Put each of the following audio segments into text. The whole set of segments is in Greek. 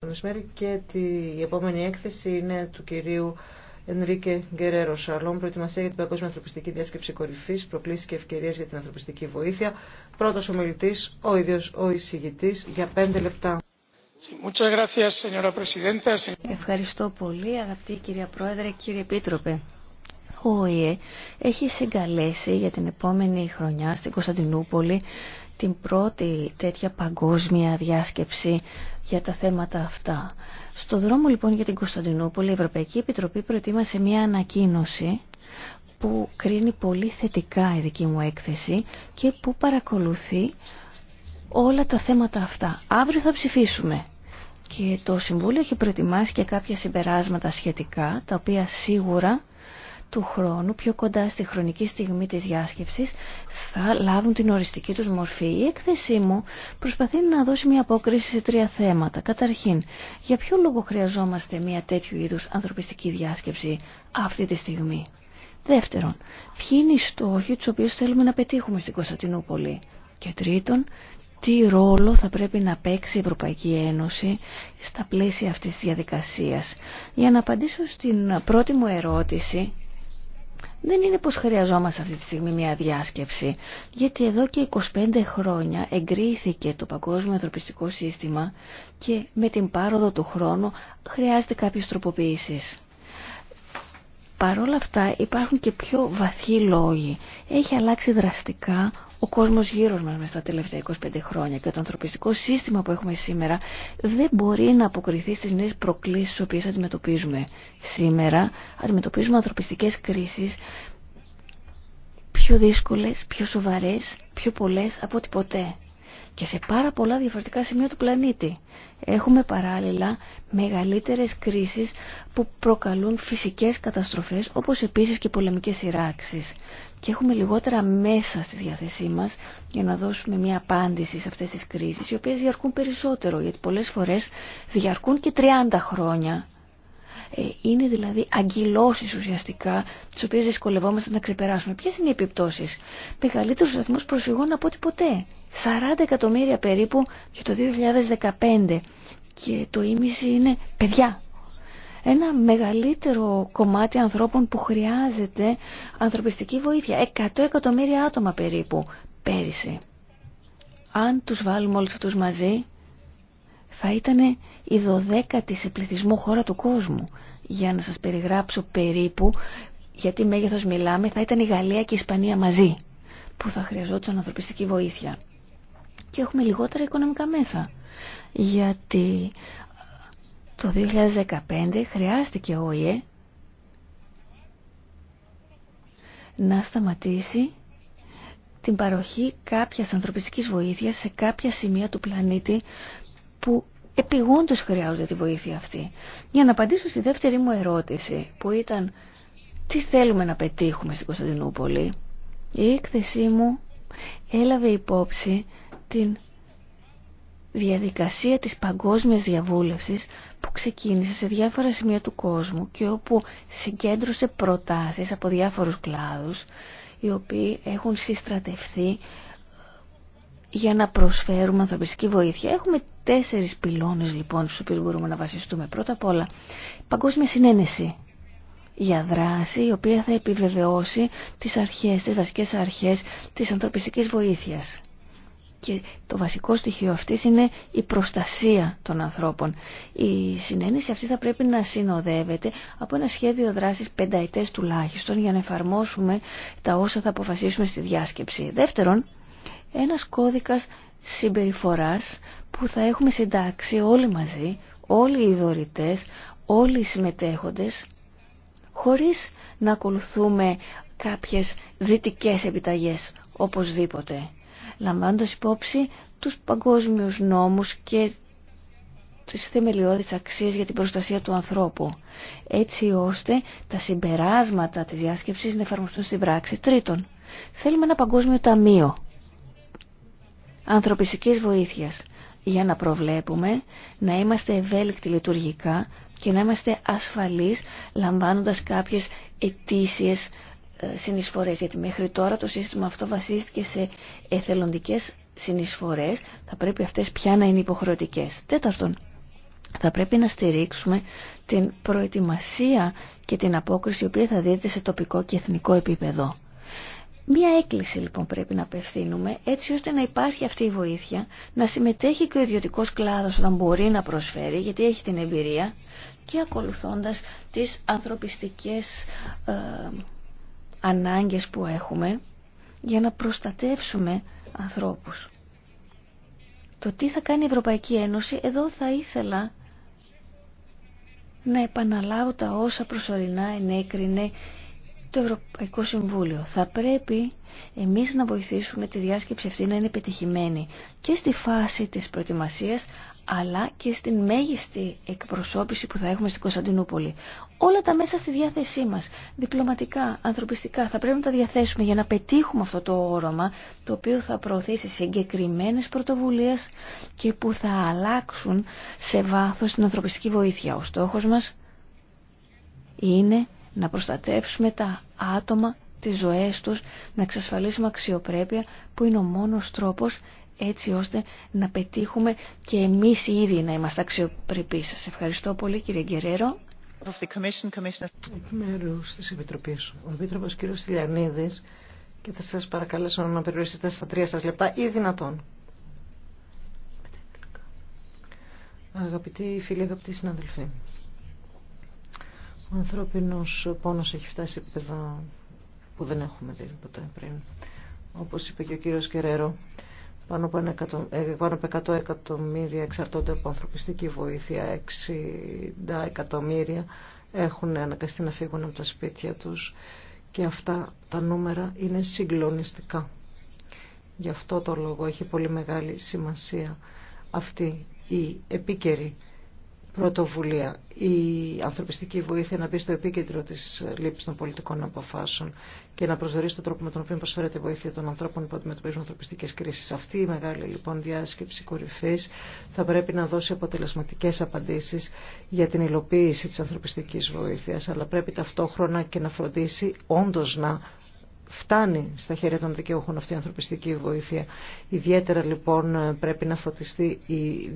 μεσημέρι και τη, η επόμενη έκθεση είναι του κυρίου Ενρίκε Γκερέρο Σαλόμ, προετοιμασία για την Παγκόσμια Ανθρωπιστική Διάσκεψη Κορυφή, προκλήσει και ευκαιρίε για την ανθρωπιστική βοήθεια. Πρώτο ομιλητή, ο ίδιο ο εισηγητή, για πέντε λεπτά. Ευχαριστώ πολύ, αγαπητή κυρία Πρόεδρε, κύριε Επίτροπε. Ο ΟΗΕ έχει συγκαλέσει για την επόμενη χρονιά στην Κωνσταντινούπολη την πρώτη τέτοια παγκόσμια διάσκεψη για τα θέματα αυτά. Στο δρόμο λοιπόν για την Κωνσταντινούπολη η Ευρωπαϊκή Επιτροπή προετοίμασε μια ανακοίνωση που κρίνει πολύ θετικά η δική μου έκθεση και που παρακολουθεί όλα τα θέματα αυτά. Αύριο θα ψηφίσουμε και το Συμβούλιο έχει προετοιμάσει και κάποια συμπεράσματα σχετικά τα οποία σίγουρα του χρόνου, πιο κοντά στη χρονική στιγμή της διάσκεψης, θα λάβουν την οριστική τους μορφή. Η έκθεσή μου προσπαθεί να δώσει μια απόκριση σε τρία θέματα. Καταρχήν, για ποιο λόγο χρειαζόμαστε μια τέτοιου είδους ανθρωπιστική διάσκεψη αυτή τη στιγμή. Δεύτερον, ποιοι είναι οι στόχοι του οποίου θέλουμε να πετύχουμε στην Κωνσταντινούπολη. Και τρίτον, τι ρόλο θα πρέπει να παίξει η Ευρωπαϊκή Ένωση στα πλαίσια αυτής της διαδικασίας. Για να απαντήσω στην πρώτη μου ερώτηση, δεν είναι πως χρειαζόμαστε αυτή τη στιγμή μια διάσκεψη, γιατί εδώ και 25 χρόνια εγκρίθηκε το Παγκόσμιο Ανθρωπιστικό Σύστημα και με την πάροδο του χρόνου χρειάζεται κάποιες τροποποιήσεις. Παρ' όλα αυτά υπάρχουν και πιο βαθιοί λόγοι. Έχει αλλάξει δραστικά ο κόσμος γύρω μας μέσα στα τελευταία 25 χρόνια και το ανθρωπιστικό σύστημα που έχουμε σήμερα δεν μπορεί να αποκριθεί στις νέες προκλήσεις τις οποίες αντιμετωπίζουμε σήμερα. Αντιμετωπίζουμε ανθρωπιστικές κρίσεις πιο δύσκολες, πιο σοβαρές, πιο πολλές από ό,τι ποτέ και σε πάρα πολλά διαφορετικά σημεία του πλανήτη. Έχουμε παράλληλα μεγαλύτερες κρίσεις που προκαλούν φυσικές καταστροφές όπως επίσης και πολεμικές σειράξεις. Και έχουμε λιγότερα μέσα στη διάθεσή μας για να δώσουμε μια απάντηση σε αυτές τις κρίσεις οι οποίες διαρκούν περισσότερο γιατί πολλές φορές διαρκούν και 30 χρόνια. Ε, είναι δηλαδή αγκυλώσεις ουσιαστικά, τις οποίες δυσκολευόμαστε να ξεπεράσουμε. Ποιες είναι οι επιπτώσεις. Μεγαλύτερους αριθμούς προσφυγών από ό,τι ποτέ. 40 εκατομμύρια περίπου για το 2015. Και το ίμιση είναι παιδιά, ένα μεγαλύτερο κομμάτι ανθρώπων που χρειάζεται ανθρωπιστική βοήθεια. 100 εκατομμύρια άτομα περίπου πέρυσι. Αν τους βάλουμε όλους αυτούς μαζί, θα ήταν η δωδέκατη σε πληθυσμό χώρα του κόσμου. Για να σας περιγράψω περίπου γιατί μέγεθος μιλάμε θα ήταν η Γαλλία και η Ισπανία μαζί που θα χρειαζόταν ανθρωπιστική βοήθεια. Και έχουμε λιγότερα οικονομικά μέσα. Γιατί το 2015 χρειάστηκε ο ΙΕ να σταματήσει την παροχή κάποιας ανθρωπιστικής βοήθειας σε κάποια σημεία του πλανήτη που επιγόντως χρειάζονται τη βοήθεια αυτή. Για να απαντήσω στη δεύτερη μου ερώτηση που ήταν τι θέλουμε να πετύχουμε στην Κωνσταντινούπολη, η έκθεσή μου έλαβε υπόψη την διαδικασία της παγκόσμιας διαβούλευσης που ξεκίνησε σε διάφορα σημεία του κόσμου και όπου συγκέντρωσε προτάσεις από διάφορους κλάδους οι οποίοι έχουν συστρατευθεί για να προσφέρουμε ανθρωπιστική βοήθεια. Έχουμε τέσσερις πυλώνες λοιπόν στους οποίους μπορούμε να βασιστούμε. Πρώτα απ' όλα, παγκόσμια συνένεση για δράση η οποία θα επιβεβαιώσει τις αρχές, τις βασικές αρχές της ανθρωπιστικής βοήθειας. Και το βασικό στοιχείο αυτής είναι η προστασία των ανθρώπων. Η συνένεση αυτή θα πρέπει να συνοδεύεται από ένα σχέδιο δράσης πενταετές τουλάχιστον για να εφαρμόσουμε τα όσα θα αποφασίσουμε στη διάσκεψη. Δεύτερον, ένας κώδικας συμπεριφοράς που θα έχουμε συντάξει όλοι μαζί, όλοι οι δωρητές, όλοι οι συμμετέχοντες, χωρίς να ακολουθούμε κάποιες δυτικές επιταγές οπωσδήποτε, λαμβάνοντας υπόψη τους παγκόσμιους νόμους και τις θεμελιώδεις αξίες για την προστασία του ανθρώπου, έτσι ώστε τα συμπεράσματα της διάσκεψης να εφαρμοστούν στην πράξη. Τρίτον, θέλουμε ένα παγκόσμιο ταμείο ανθρωπιστικής βοήθειας για να προβλέπουμε, να είμαστε ευέλικτοι λειτουργικά και να είμαστε ασφαλείς λαμβάνοντας κάποιες ετήσιες ε, συνεισφορές. Γιατί μέχρι τώρα το σύστημα αυτό βασίστηκε σε εθελοντικές συνεισφορές. Θα πρέπει αυτές πια να είναι υποχρεωτικές. Τέταρτον, θα πρέπει να στηρίξουμε την προετοιμασία και την απόκριση η οποία θα δίδεται σε τοπικό και εθνικό επίπεδο. Μία έκκληση λοιπόν πρέπει να απευθύνουμε έτσι ώστε να υπάρχει αυτή η βοήθεια, να συμμετέχει και ο ιδιωτικό κλάδο όταν μπορεί να προσφέρει, γιατί έχει την εμπειρία, και ακολουθώντα τι ανθρωπιστικέ ε, ανάγκε που έχουμε για να προστατεύσουμε ανθρώπους. Το τι θα κάνει η Ευρωπαϊκή Ένωση, εδώ θα ήθελα να επαναλάβω τα όσα προσωρινά ενέκρινε το Ευρωπαϊκό Συμβούλιο. Θα πρέπει εμείς να βοηθήσουμε τη διάσκεψη αυτή να είναι επιτυχημένη και στη φάση της προετοιμασίας αλλά και στην μέγιστη εκπροσώπηση που θα έχουμε στην Κωνσταντινούπολη. Όλα τα μέσα στη διάθεσή μας, διπλωματικά, ανθρωπιστικά, θα πρέπει να τα διαθέσουμε για να πετύχουμε αυτό το όρομα το οποίο θα προωθήσει συγκεκριμένες πρωτοβουλίες και που θα αλλάξουν σε βάθος την ανθρωπιστική βοήθεια. Ο στόχος μας είναι να προστατεύσουμε τα άτομα, τις ζωές τους, να εξασφαλίσουμε αξιοπρέπεια που είναι ο μόνος τρόπος έτσι ώστε να πετύχουμε και εμείς οι ίδιοι να είμαστε αξιοπρεπείς. Σας ευχαριστώ πολύ κύριε Γκερέρο. Εκ μέρους της Επιτροπής, ο Επίτροπος κ. Στυλιανίδης και θα σας παρακαλέσω να περιορίσετε στα τρία σας λεπτά ή δυνατόν. Αγαπητοί φίλοι, αγαπητοί συναδελφοί. Ο ανθρώπινος πόνος έχει φτάσει επίπεδα που δεν έχουμε δει ποτέ πριν. Όπως είπε και ο κύριος Κεραίρο, πάνω από 100 ε, εκατομμύρια εξαρτώνται από ανθρωπιστική βοήθεια, 60 εκατομμύρια έχουν αναγκαστεί να φύγουν από τα σπίτια τους και αυτά τα νούμερα είναι συγκλονιστικά. Γι' αυτό το λόγο έχει πολύ μεγάλη σημασία αυτή η επίκαιρη πρωτοβουλία. Η ανθρωπιστική βοήθεια να μπει στο επίκεντρο τη λήψη των πολιτικών αποφάσεων και να προσδιορίσει τον τρόπο με τον οποίο προσφέρεται η βοήθεια των ανθρώπων που αντιμετωπίζουν ανθρωπιστικέ κρίσει. Αυτή η μεγάλη λοιπόν διάσκεψη κορυφή θα πρέπει να δώσει αποτελεσματικέ απαντήσει για την υλοποίηση τη ανθρωπιστική βοήθεια, αλλά πρέπει ταυτόχρονα και να φροντίσει όντω να φτάνει στα χέρια των δικαιούχων αυτή η ανθρωπιστική βοήθεια. Ιδιαίτερα λοιπόν πρέπει να φωτιστεί η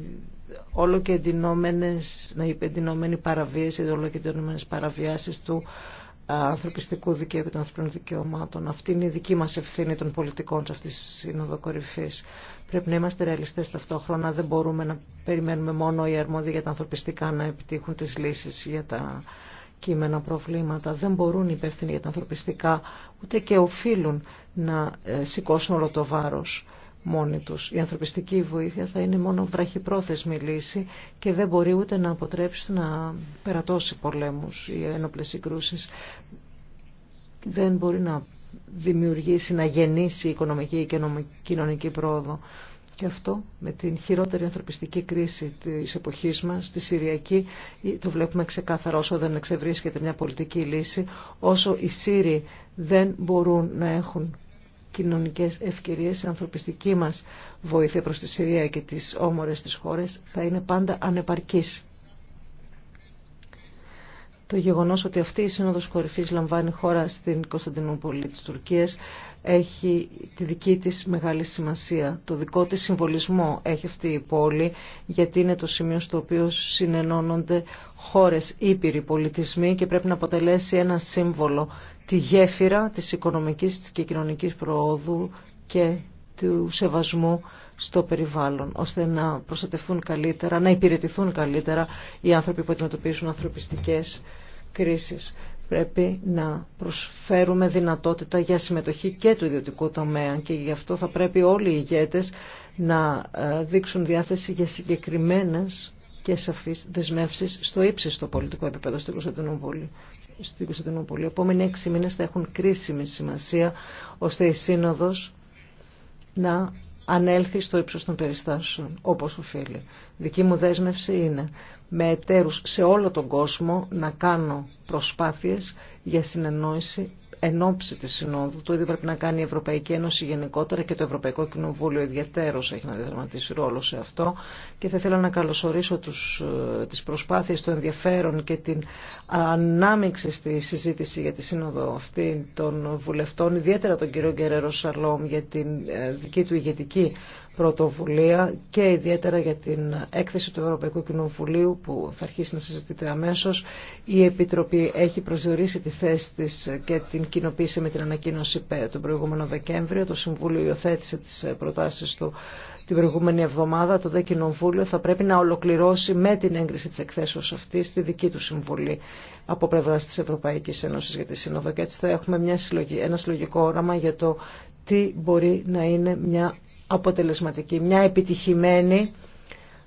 όλο και εντυνόμενες, να παραβίαση, όλο και εντυνόμενες παραβιάσεις του ανθρωπιστικού δικαίου και των ανθρωπίνων δικαιωμάτων. Αυτή είναι η δική μας ευθύνη των πολιτικών σε αυτή τη συνοδοκορυφής. Πρέπει να είμαστε ρεαλιστές ταυτόχρονα. Δεν μπορούμε να περιμένουμε μόνο οι αρμόδιοι για τα ανθρωπιστικά να επιτύχουν τις λύσεις για τα κείμενα προβλήματα. Δεν μπορούν οι υπεύθυνοι για τα ανθρωπιστικά, ούτε και οφείλουν να ε, σηκώσουν όλο το βάρος μόνοι τους. Η ανθρωπιστική βοήθεια θα είναι μόνο βραχυπρόθεσμη λύση και δεν μπορεί ούτε να αποτρέψει να περατώσει πολέμους ή ένοπλες συγκρούσεις. Δεν μπορεί να δημιουργήσει, να γεννήσει οικονομική και κοινωνική πρόοδο. Και αυτό με την χειρότερη ανθρωπιστική κρίση της εποχής μας, τη Συριακή, το βλέπουμε ξεκάθαρα όσο δεν εξευρίσκεται μια πολιτική λύση, όσο οι Σύριοι δεν μπορούν να έχουν κοινωνικές ευκαιρίες, η ανθρωπιστική μας βοήθεια προς τη Συρία και τις όμορες της χώρες θα είναι πάντα ανεπαρκής το γεγονός ότι αυτή η σύνοδο Κορυφή λαμβάνει χώρα στην Κωνσταντινούπολη της Τουρκίας έχει τη δική της μεγάλη σημασία. Το δικό της συμβολισμό έχει αυτή η πόλη γιατί είναι το σημείο στο οποίο συνενώνονται χώρες ήπειροι πολιτισμοί και πρέπει να αποτελέσει ένα σύμβολο τη γέφυρα της οικονομικής και κοινωνικής προόδου και του σεβασμού στο περιβάλλον, ώστε να προστατευτούν καλύτερα, να υπηρετηθούν καλύτερα οι άνθρωποι που αντιμετωπίζουν ανθρωπιστικές κρίσεις. Πρέπει να προσφέρουμε δυνατότητα για συμμετοχή και του ιδιωτικού τομέα και γι' αυτό θα πρέπει όλοι οι ηγέτες να ε, δείξουν διάθεση για συγκεκριμένες και σαφείς δεσμεύσεις στο ύψιστο πολιτικό επίπεδο στην Κωνσταντινούπολη στην έξι μήνες θα έχουν κρίσιμη σημασία ώστε η Σύνοδος να ανέλθει στο ύψος των περιστάσεων, όπως οφείλει. Δική μου δέσμευση είναι με εταίρους σε όλο τον κόσμο να κάνω προσπάθειες για συνεννόηση εν ώψη τη Συνόδου. Το ίδιο πρέπει να κάνει η Ευρωπαϊκή Ένωση γενικότερα και το Ευρωπαϊκό Κοινοβούλιο ιδιαίτερο έχει να διαδραματίσει ρόλο σε αυτό. Και θα ήθελα να καλωσορίσω τους, ε, τις προσπάθειες, των ενδιαφέρον και την ανάμειξη στη συζήτηση για τη Σύνοδο αυτή των βουλευτών, ιδιαίτερα τον κύριο Γκερέρο Σαλόμ για την ε, δική του ηγετική πρωτοβουλία και ιδιαίτερα για την έκθεση του Ευρωπαϊκού Κοινοβουλίου που θα αρχίσει να συζητείται αμέσως. Η Επιτροπή έχει προσδιορίσει τη θέση της και την κοινοποίηση με την ανακοίνωση τον προηγούμενο Δεκέμβριο. Το Συμβούλιο υιοθέτησε τις προτάσεις του την προηγούμενη εβδομάδα. Το ΔΕ Κοινοβούλιο θα πρέπει να ολοκληρώσει με την έγκριση της εκθέσεως αυτής τη δική του συμβολή από πλευρά της Ευρωπαϊκής Ένωσης για τη Σύνοδο. Και έτσι θα έχουμε μια ένα συλλογικό όραμα για το τι μπορεί να είναι μια αποτελεσματική, μια επιτυχημένη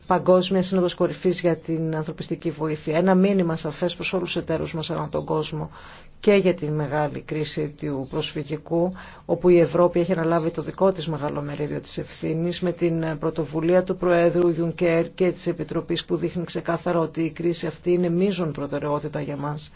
παγκόσμια σύνοδος κορυφής για την ανθρωπιστική βοήθεια. Ένα μήνυμα σαφές προς όλους τους εταίρους μας ανά τον κόσμο και για την μεγάλη κρίση του προσφυγικού, όπου η Ευρώπη έχει αναλάβει το δικό της μεγάλο μερίδιο της ευθύνης με την πρωτοβουλία του Προέδρου Γιουνκέρ και της Επιτροπής που δείχνει ξεκάθαρα ότι η κρίση αυτή είναι μείζον προτεραιότητα για μας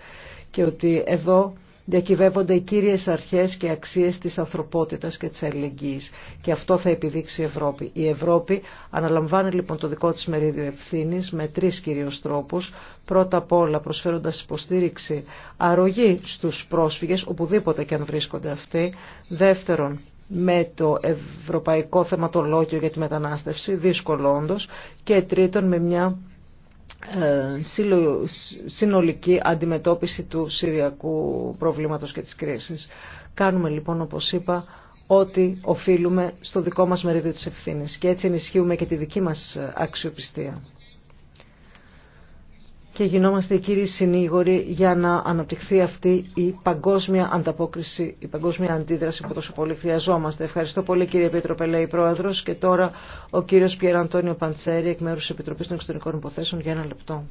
και ότι εδώ διακυβεύονται οι κύριες αρχές και αξίες της ανθρωπότητας και της αλληλεγγύης. Και αυτό θα επιδείξει η Ευρώπη. Η Ευρώπη αναλαμβάνει λοιπόν το δικό της μερίδιο ευθύνη με τρεις κυρίως τρόπους. Πρώτα απ' όλα προσφέροντας υποστήριξη αρρωγή στους πρόσφυγες οπουδήποτε και αν βρίσκονται αυτοί. Δεύτερον, με το Ευρωπαϊκό Θεματολόγιο για τη Μετανάστευση, δύσκολο όντως. Και τρίτον, με μια ε, συνολική αντιμετώπιση του συριακού προβλήματος και της κρίσης. Κάνουμε λοιπόν όπως είπα ό,τι οφείλουμε στο δικό μας μερίδιο της ευθύνης και έτσι ενισχύουμε και τη δική μας αξιοπιστία και γινόμαστε οι κύριοι συνήγοροι για να αναπτυχθεί αυτή η παγκόσμια ανταπόκριση, η παγκόσμια αντίδραση που τόσο πολύ χρειαζόμαστε. Ευχαριστώ πολύ κύριε Επίτροπε, λέει Πρόεδρο. Και τώρα ο κύριο Πιέρ Αντώνιο Παντσέρη, εκ μέρου τη Επιτροπή των Εξωτερικών Υποθέσεων, για ένα λεπτό.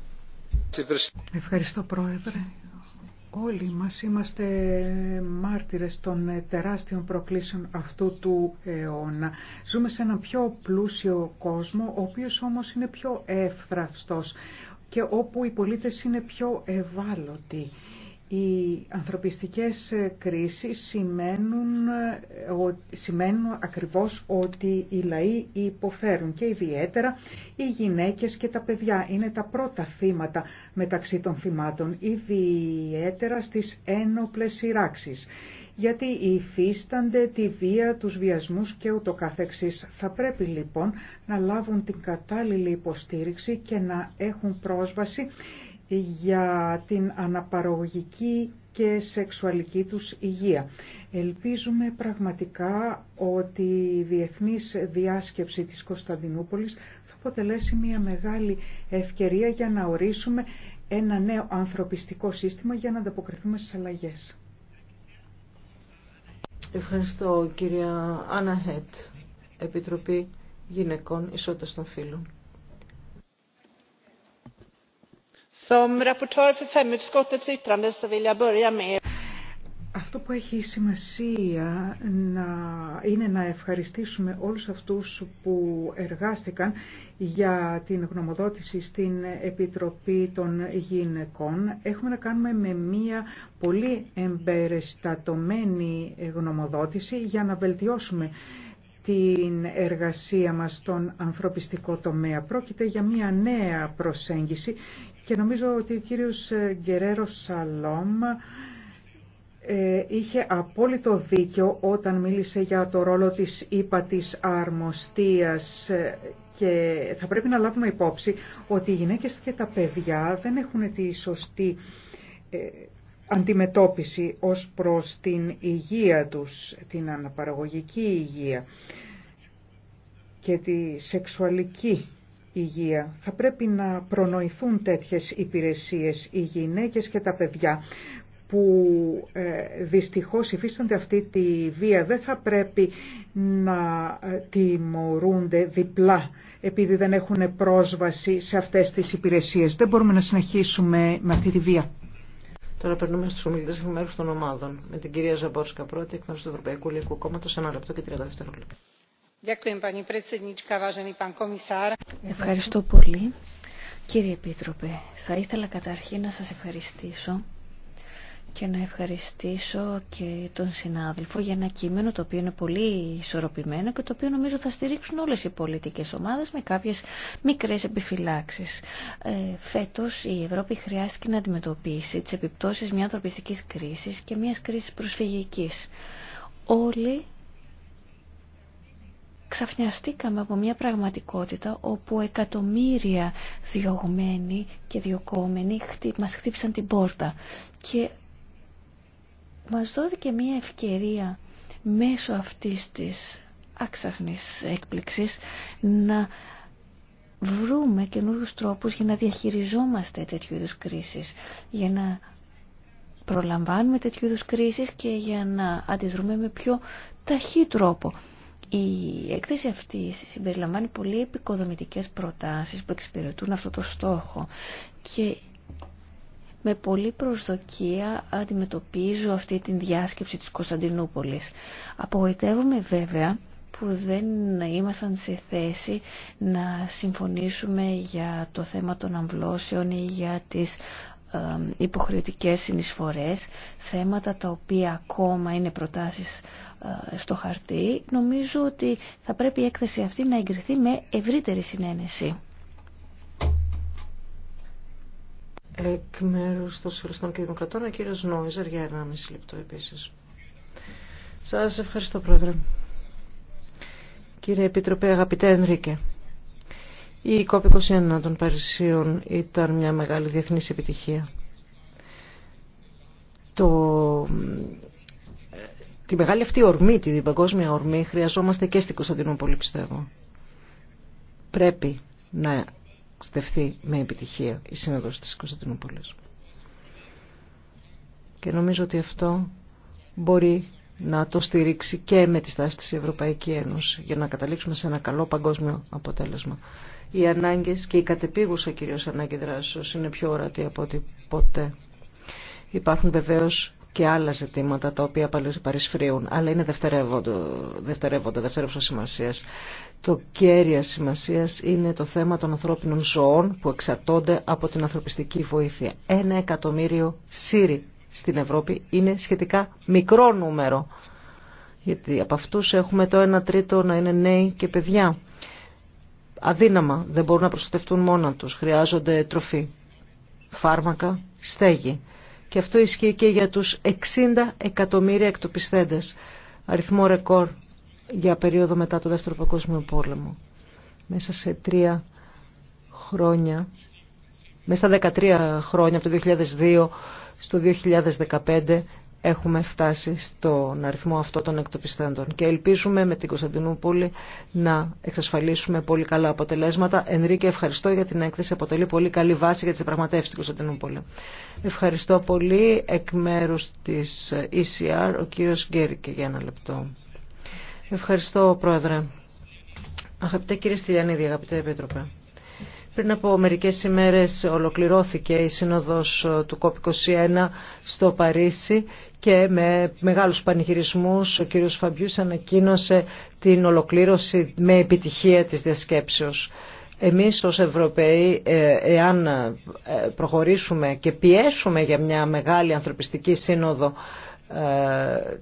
Ευχαριστώ Πρόεδρε. Όλοι μας είμαστε μάρτυρες των τεράστιων προκλήσεων αυτού του αιώνα. Ζούμε σε έναν πιο πλούσιο κόσμο, ο οποίος όμως είναι πιο εύθραυστος και όπου οι πολίτες είναι πιο ευάλωτοι. Οι ανθρωπιστικές κρίσεις σημαίνουν, σημαίνουν ακριβώς ότι οι λαοί υποφέρουν και ιδιαίτερα οι γυναίκες και τα παιδιά είναι τα πρώτα θύματα μεταξύ των θυμάτων, ιδιαίτερα στις ένοπλες σειράξεις γιατί υφίστανται τη βία, τους βιασμούς και ούτω καθεξής. Θα πρέπει λοιπόν να λάβουν την κατάλληλη υποστήριξη και να έχουν πρόσβαση για την αναπαραγωγική και σεξουαλική τους υγεία. Ελπίζουμε πραγματικά ότι η διεθνής διάσκεψη της Κωνσταντινούπολης θα αποτελέσει μια μεγάλη ευκαιρία για να ορίσουμε ένα νέο ανθρωπιστικό σύστημα για να ανταποκριθούμε στις αλλαγές. Ευχαριστώ κυρία Άννα Χέτ, Επιτροπή Γυναικών Ισότητας των Φύλων. Som rapportör för femutskottets yttrande så vill jag börja med που έχει σημασία να είναι να ευχαριστήσουμε όλους αυτούς που εργάστηκαν για την γνωμοδότηση στην Επιτροπή των Γυναικών. Έχουμε να κάνουμε με μία πολύ εμπεριστατωμένη γνωμοδότηση για να βελτιώσουμε την εργασία μας στον ανθρωπιστικό τομέα. Πρόκειται για μια νέα προσέγγιση και νομίζω ότι ο κύριος Γκερέρο Σαλόμ ε, είχε απόλυτο δίκιο όταν μίλησε για το ρόλο της ύπατης αρμοστίας ε, και θα πρέπει να λάβουμε υπόψη ότι οι γυναίκες και τα παιδιά δεν έχουν τη σωστή ε, αντιμετώπιση ως προς την υγεία τους, την αναπαραγωγική υγεία και τη σεξουαλική υγεία. Θα πρέπει να προνοηθούν τέτοιες υπηρεσίες οι γυναίκες και τα παιδιά που ε, δυστυχώς υφίστανται αυτή τη βία δεν θα πρέπει να ε, τιμωρούνται διπλά επειδή δεν έχουν πρόσβαση σε αυτές τις υπηρεσίες. Δεν μπορούμε να συνεχίσουμε με αυτή τη βία. Τώρα περνούμε στους ομιλητές εκ των ομάδων. Με την κυρία Ζαμπόρσκα πρώτη εκ του Ευρωπαϊκού Λυκού Κόμματος ένα λεπτό και 30 δευτερόλεπτα. Ευχαριστώ πολύ. Κύριε Επίτροπε, θα ήθελα καταρχήν να σας ευχαριστήσω και να ευχαριστήσω και τον συνάδελφο για ένα κείμενο το οποίο είναι πολύ ισορροπημένο και το οποίο νομίζω θα στηρίξουν όλες οι πολιτικές ομάδες με κάποιες μικρές επιφυλάξεις. Ε, φέτος η Ευρώπη χρειάστηκε να αντιμετωπίσει τις επιπτώσεις μια ανθρωπιστικής κρίσης και μιας κρίσης προσφυγικής. Όλοι ξαφνιαστήκαμε από μια πραγματικότητα όπου εκατομμύρια διωγμένοι και διωκόμενοι μας χτύπησαν την πόρτα και μας δόθηκε μια ευκαιρία μέσω αυτής της άξαχνης έκπληξης να βρούμε καινούριου τρόπους για να διαχειριζόμαστε τέτοιου είδους κρίσεις, για να προλαμβάνουμε τέτοιου είδους κρίσεις και για να αντιδρούμε με πιο ταχύ τρόπο. Η έκθεση αυτή συμπεριλαμβάνει πολύ επικοδομητικές προτάσεις που εξυπηρετούν αυτό το στόχο και με πολλή προσδοκία αντιμετωπίζω αυτή την διάσκεψη της Κωνσταντινούπολης. Απογοητεύομαι βέβαια που δεν ήμασταν σε θέση να συμφωνήσουμε για το θέμα των αμβλώσεων ή για τις υποχρεωτικές συνεισφορές, θέματα τα οποία ακόμα είναι προτάσεις ε, στο χαρτί. Νομίζω ότι θα πρέπει η έκθεση αυτή να εγκριθεί με ευρύτερη συνένεση. Εκ μέρου των Σοσιαλιστών και Δημοκρατών, ο κύριο Νόιζερ για μισή λεπτό επίση. Σα ευχαριστώ, Πρόεδρε. Κύριε Επίτροπε, αγαπητέ Ενρίκε. Η COP21 των Παρισίων ήταν μια μεγάλη διεθνής επιτυχία. Το... Τη μεγάλη αυτή ορμή, την παγκόσμια ορμή, χρειαζόμαστε και στην Κωνσταντινούπολη, πιστεύω. Πρέπει να στεφθεί με επιτυχία η Σύνοδος της Κωνσταντινούπολης. Και νομίζω ότι αυτό μπορεί να το στηρίξει και με τη στάση της Ευρωπαϊκή Ένωση για να καταλήξουμε σε ένα καλό παγκόσμιο αποτέλεσμα. Οι ανάγκες και η κατεπίγουσα κυρίως ανάγκη δράσεως είναι πιο ορατή από ό,τι ποτέ. Υπάρχουν βεβαίως και άλλα ζητήματα τα οποία παρισφρίουν, αλλά είναι δευτερεύοντα, δευτερεύοντα σημασία. Το κέρια σημασία είναι το θέμα των ανθρώπινων ζωών που εξαρτώνται από την ανθρωπιστική βοήθεια. Ένα εκατομμύριο Σύριοι στην Ευρώπη είναι σχετικά μικρό νούμερο. Γιατί από αυτού έχουμε το 1 τρίτο να είναι νέοι και παιδιά. Αδύναμα, δεν μπορούν να προστατευτούν μόνα του. Χρειάζονται τροφή, φάρμακα, στέγη. Και αυτό ισχύει και για τους 60 εκατομμύρια εκτοπιστέντες. Αριθμό ρεκόρ για περίοδο μετά το Δεύτερο Παγκόσμιο Πόλεμο. Μέσα σε τρία χρόνια, μέσα στα 13 χρόνια από το 2002 στο 2015 έχουμε φτάσει στον αριθμό αυτό των εκτοπιστέντων. Και ελπίζουμε με την Κωνσταντινούπολη να εξασφαλίσουμε πολύ καλά αποτελέσματα. Ενρίκε, ευχαριστώ για την έκθεση. Αποτελεί πολύ καλή βάση για τις πραγματεύσεις στην Κωνσταντινούπολη. Ευχαριστώ πολύ. Εκ μέρους της ECR, ο κύριος Γκέρικε για ένα λεπτό. Ευχαριστώ, Πρόεδρε. Αγαπητέ κύριε Στυλιανίδη, αγαπητέ Επίτροπε. Πριν από μερικές ημέρες ολοκληρώθηκε η Σύνοδος ε, του COP21 στο Παρίσι και με μεγάλους πανηγυρισμούς ο κύριος Φαμπιούς ανακοίνωσε την ολοκλήρωση με επιτυχία της διασκέψεως. Εμείς ως Ευρωπαίοι, ε, εάν ε, προχωρήσουμε και πιέσουμε για μια μεγάλη ανθρωπιστική σύνοδο ε,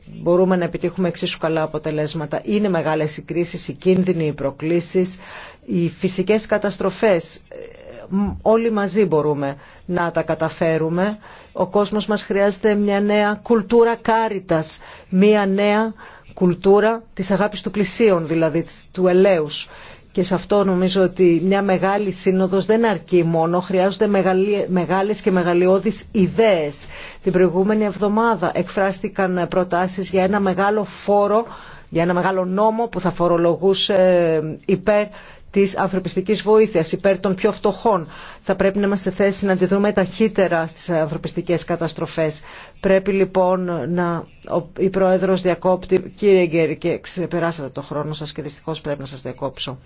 μπορούμε να επιτύχουμε εξίσου καλά αποτελέσματα. Είναι μεγάλες οι κρίσεις, οι κίνδυνοι, οι προκλήσεις, οι φυσικές καταστροφές. Ε, όλοι μαζί μπορούμε να τα καταφέρουμε. Ο κόσμος μας χρειάζεται μια νέα κουλτούρα κάριτας, μια νέα κουλτούρα της αγάπης του πλησίων, δηλαδή του ελέους. Και σε αυτό νομίζω ότι μια μεγάλη σύνοδος δεν αρκεί μόνο, χρειάζονται μεγάλες και μεγαλειώδεις ιδέες. Την προηγούμενη εβδομάδα εκφράστηκαν προτάσεις για ένα μεγάλο φόρο, για ένα μεγάλο νόμο που θα φορολογούσε ε, υπέρ της ανθρωπιστικής βοήθειας υπέρ των πιο φτωχών. Θα πρέπει να είμαστε θέσει να αντιδρούμε ταχύτερα στις ανθρωπιστικές καταστροφές. Πρέπει λοιπόν να η Πρόεδρος διακόπτη. Κύριε και ξεπεράσατε το χρόνο σας και δυστυχώς πρέπει να σας διακόψω.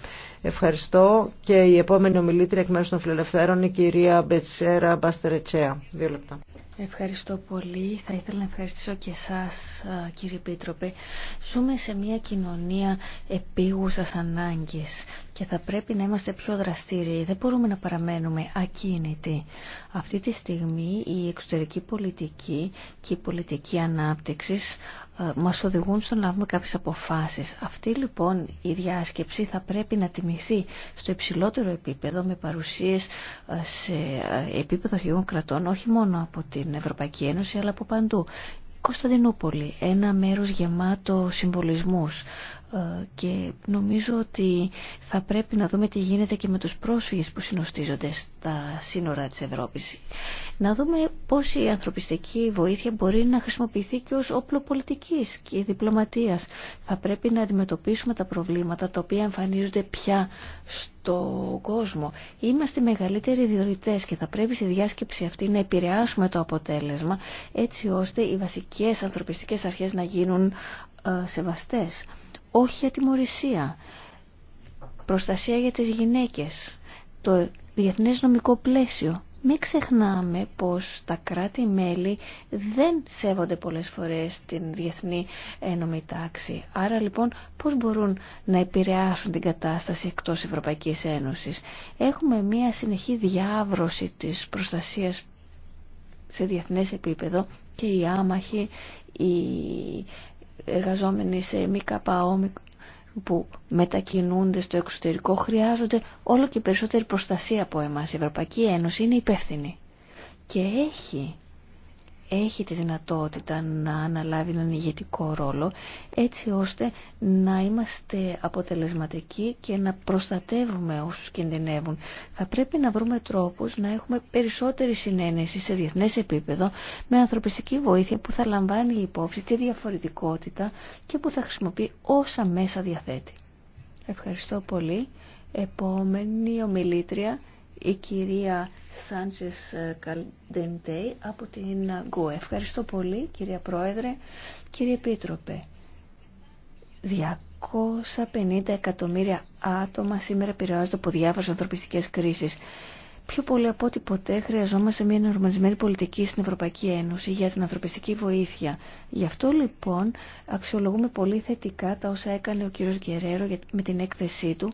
Ευχαριστώ και η επόμενη ομιλήτρια εκ μέρους των Φιλελευθέρων, η κυρία Μπετσέρα Μπαστερετσέα. Δύο λεπτά. Ευχαριστώ πολύ. Θα ήθελα να ευχαριστήσω και εσάς κύριε Πίτροπε. Ζούμε σε μια κοινωνία επίγουσας ανάγκης και θα πρέπει να είμαστε πιο δραστήριοι. Δεν μπορούμε να παραμένουμε ακίνητοι. Αυτή τη στιγμή η εξωτερική πολιτική και η πολιτική ανάπτυξη Μα ε, μας οδηγούν στο να λάβουμε κάποιες αποφάσεις. Αυτή λοιπόν η διάσκεψη θα πρέπει να τιμηθεί στο υψηλότερο επίπεδο με παρουσίες ε, σε ε, επίπεδο αρχηγών κρατών όχι μόνο από την Ευρωπαϊκή Ένωση αλλά από παντού. Κωνσταντινούπολη, ένα μέρος γεμάτο συμβολισμούς, ε, και νομίζω ότι θα πρέπει να δούμε τι γίνεται και με τους πρόσφυγες που συνοστίζονται στα σύνορα της Ευρώπης. Να δούμε πώς η ανθρωπιστική βοήθεια μπορεί να χρησιμοποιηθεί και ως όπλο πολιτικής και διπλωματίας. Θα πρέπει να αντιμετωπίσουμε τα προβλήματα τα οποία εμφανίζονται πια στον κόσμο. Είμαστε μεγαλύτεροι διορητές και θα πρέπει στη διάσκεψη αυτή να επηρεάσουμε το αποτέλεσμα έτσι ώστε οι βασικές ανθρωπιστικές αρχές να γίνουν ε, σεβαστές όχι ατιμορρησία, προστασία για τις γυναίκες, το διεθνές νομικό πλαίσιο. Μην ξεχνάμε πως τα κράτη-μέλη δεν σέβονται πολλές φορές την διεθνή ε, νομή τάξη. Άρα λοιπόν πώς μπορούν να επηρεάσουν την κατάσταση εκτός Ευρωπαϊκής Ένωσης. Έχουμε μια συνεχή διάβρωση της προστασίας σε διεθνές επίπεδο και οι άμαχοι, οι εργαζόμενοι σε ΜΚΟ που μετακινούνται στο εξωτερικό χρειάζονται όλο και περισσότερη προστασία από εμάς. Η Ευρωπαϊκή Ένωση είναι υπεύθυνη και έχει έχει τη δυνατότητα να αναλάβει έναν ηγετικό ρόλο έτσι ώστε να είμαστε αποτελεσματικοί και να προστατεύουμε όσους κινδυνεύουν. Θα πρέπει να βρούμε τρόπους να έχουμε περισσότερη συνένεση σε διεθνές επίπεδο με ανθρωπιστική βοήθεια που θα λαμβάνει υπόψη τη διαφορετικότητα και που θα χρησιμοποιεί όσα μέσα διαθέτει. Ευχαριστώ πολύ. Επόμενη ομιλήτρια η κυρία Σάντσες ε, Καλντεντέι από την ε, Γοέ. Ευχαριστώ πολύ κυρία Πρόεδρε, κύριε Επίτροπε. 250 εκατομμύρια άτομα σήμερα επηρεάζονται από διάφορες ανθρωπιστικές κρίσεις. Πιο πολύ από ό,τι ποτέ χρειαζόμαστε μια ενορμανισμένη πολιτική στην Ευρωπαϊκή Ένωση για την ανθρωπιστική βοήθεια. Γι' αυτό λοιπόν αξιολογούμε πολύ θετικά τα όσα έκανε ο κύριος Γκερέρο με την έκθεσή του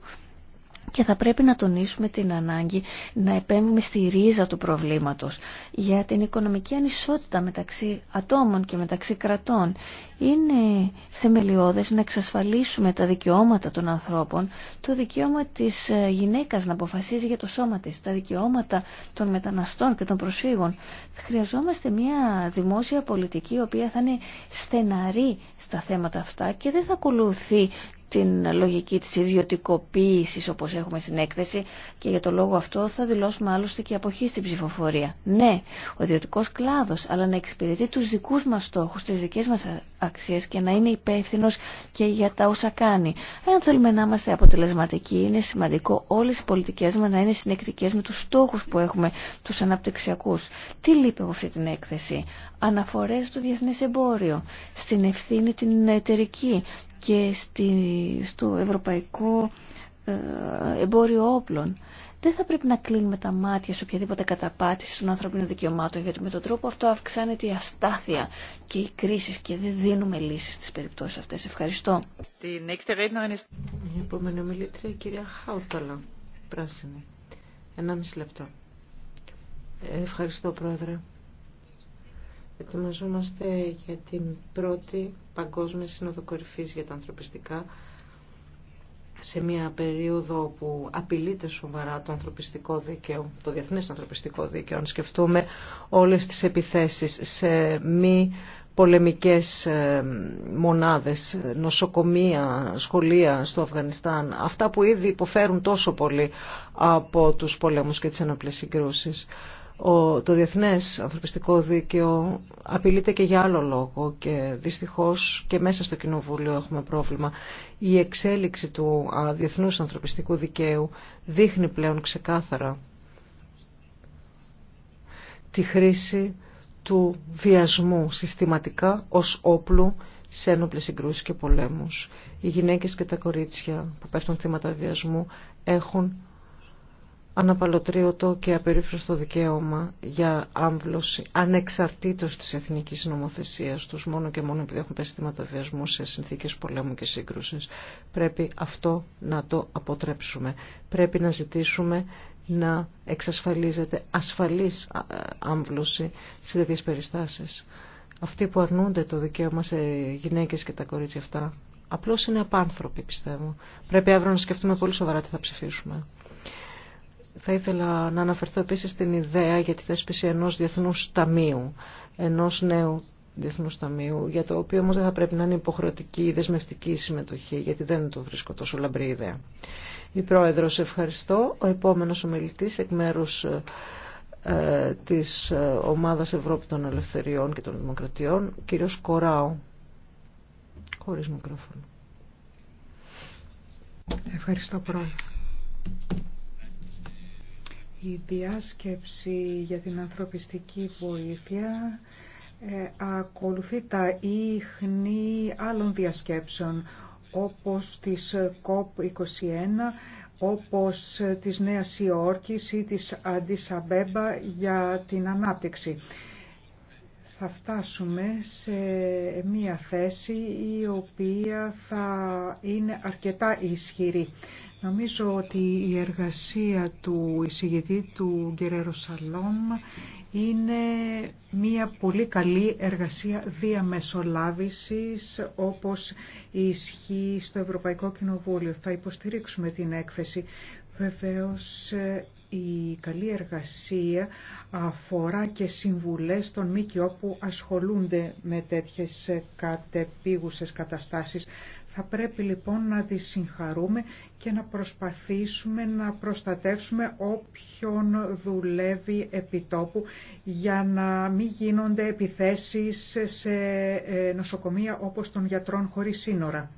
και θα πρέπει να τονίσουμε την ανάγκη να επέμβουμε στη ρίζα του προβλήματος για την οικονομική ανισότητα μεταξύ ατόμων και μεταξύ κρατών. Είναι θεμελιώδες να εξασφαλίσουμε τα δικαιώματα των ανθρώπων, το δικαίωμα της ε, γυναίκας να αποφασίζει για το σώμα της, τα δικαιώματα των μεταναστών και των προσφύγων. Χρειαζόμαστε μια δημόσια πολιτική η οποία θα είναι στεναρή στα θέματα αυτά και δεν θα ακολουθεί την λογική της ιδιωτικοποίηση όπως έχουμε στην έκθεση και για το λόγο αυτό θα δηλώσουμε άλλωστε και αποχή στην ψηφοφορία. Ναι, ο ιδιωτικό κλάδος, αλλά να εξυπηρετεί τους δικούς μας στόχους, τις δικές μας αξίες και να είναι υπεύθυνο και για τα όσα κάνει. Αν θέλουμε να είμαστε αποτελεσματικοί, είναι σημαντικό όλες οι πολιτικές μας να είναι συνεκτικές με τους στόχους που έχουμε, τους αναπτυξιακούς. Τι λείπει από αυτή την έκθεση αναφορές στο διεθνές εμπόριο, στην ευθύνη την εταιρική και στη, στο ευρωπαϊκό ε, εμπόριο όπλων. Δεν θα πρέπει να κλείνουμε τα μάτια σε οποιαδήποτε καταπάτηση των ανθρωπίνων δικαιωμάτων, γιατί με τον τρόπο αυτό αυξάνεται η αστάθεια και οι κρίσεις και δεν δίνουμε λύσεις στις περιπτώσεις αυτές. Ευχαριστώ. επόμενη κυρία Χάουταλα, λεπτό. Ε, ευχαριστώ, Πρόεδρε. Ετοιμαζόμαστε για την πρώτη παγκόσμια σύνοδο κορυφής για τα ανθρωπιστικά σε μια περίοδο που απειλείται σοβαρά το ανθρωπιστικό δίκαιο, το διεθνές ανθρωπιστικό δίκαιο, αν σκεφτούμε όλες τις επιθέσεις σε μη πολεμικές ε, μονάδες, νοσοκομεία, σχολεία στο Αφγανιστάν, αυτά που ήδη υποφέρουν τόσο πολύ από τους πολέμους και τις αναπλές συγκρούσεις το διεθνές ανθρωπιστικό δίκαιο απειλείται και για άλλο λόγο και δυστυχώς και μέσα στο Κοινοβούλιο έχουμε πρόβλημα. Η εξέλιξη του διεθνούς ανθρωπιστικού δικαίου δείχνει πλέον ξεκάθαρα τη χρήση του βιασμού συστηματικά ως όπλου σε ένοπλε συγκρούσει και πολέμους. Οι γυναίκες και τα κορίτσια που πέφτουν θύματα βιασμού έχουν αναπαλωτρίωτο και απερίφραστο δικαίωμα για άμβλωση ανεξαρτήτως της εθνικής νομοθεσίας τους μόνο και μόνο επειδή έχουν πέσει θύματα βιασμού σε συνθήκες πολέμου και σύγκρουσης. Πρέπει αυτό να το αποτρέψουμε. Πρέπει να ζητήσουμε να εξασφαλίζεται ασφαλής ε, άμβλωση σε τέτοιες περιστάσεις. Αυτοί που αρνούνται το δικαίωμα σε γυναίκες και τα κορίτσια αυτά απλώς είναι απάνθρωποι πιστεύω. Πρέπει αύριο να σκεφτούμε πολύ σοβαρά τι θα ψηφίσουμε. Θα ήθελα να αναφερθώ επίσης στην ιδέα για τη θέσπιση ενός διεθνούς ταμείου, ενός νέου διεθνούς Ταμείου, για το οποίο όμως δεν θα πρέπει να είναι υποχρεωτική ή δεσμευτική συμμετοχή, γιατί δεν το βρίσκω τόσο λαμπρή ιδέα. Η Πρόεδρος, ευχαριστώ. Ο επόμενος ομιλητής εκ μέρους ε, τη ε, Ομάδα Ευρώπη των Ελευθεριών και των Δημοκρατιών, κύριος Κοράου. Χωρί μικρόφωνο. Ευχαριστώ, Πρόεδρε. Η διάσκεψη για την ανθρωπιστική βοήθεια ε, ακολουθεί τα ίχνη άλλων διασκέψεων όπως της COP21, όπως της Νέας Υόρκης ή της Αντισαμπέμπα για την ανάπτυξη. Θα φτάσουμε σε μία θέση η οποία θα είναι αρκετά ισχυρή. Νομίζω ότι η εργασία του εισηγητή του κ. Ρωσαλόμ είναι μια πολύ καλή εργασία διαμεσολάβησης όπως ισχύει στο Ευρωπαϊκό Κοινοβούλιο. Θα υποστηρίξουμε την έκθεση. Βεβαίως η καλή εργασία αφορά και συμβουλές των ΜΚΟ που ασχολούνται με τέτοιες κατεπίγουσες καταστάσεις. Θα πρέπει λοιπόν να τη συγχαρούμε και να προσπαθήσουμε να προστατεύσουμε όποιον δουλεύει επιτόπου για να μην γίνονται επιθέσεις σε ε, νοσοκομεία όπως των γιατρών χωρίς σύνορα.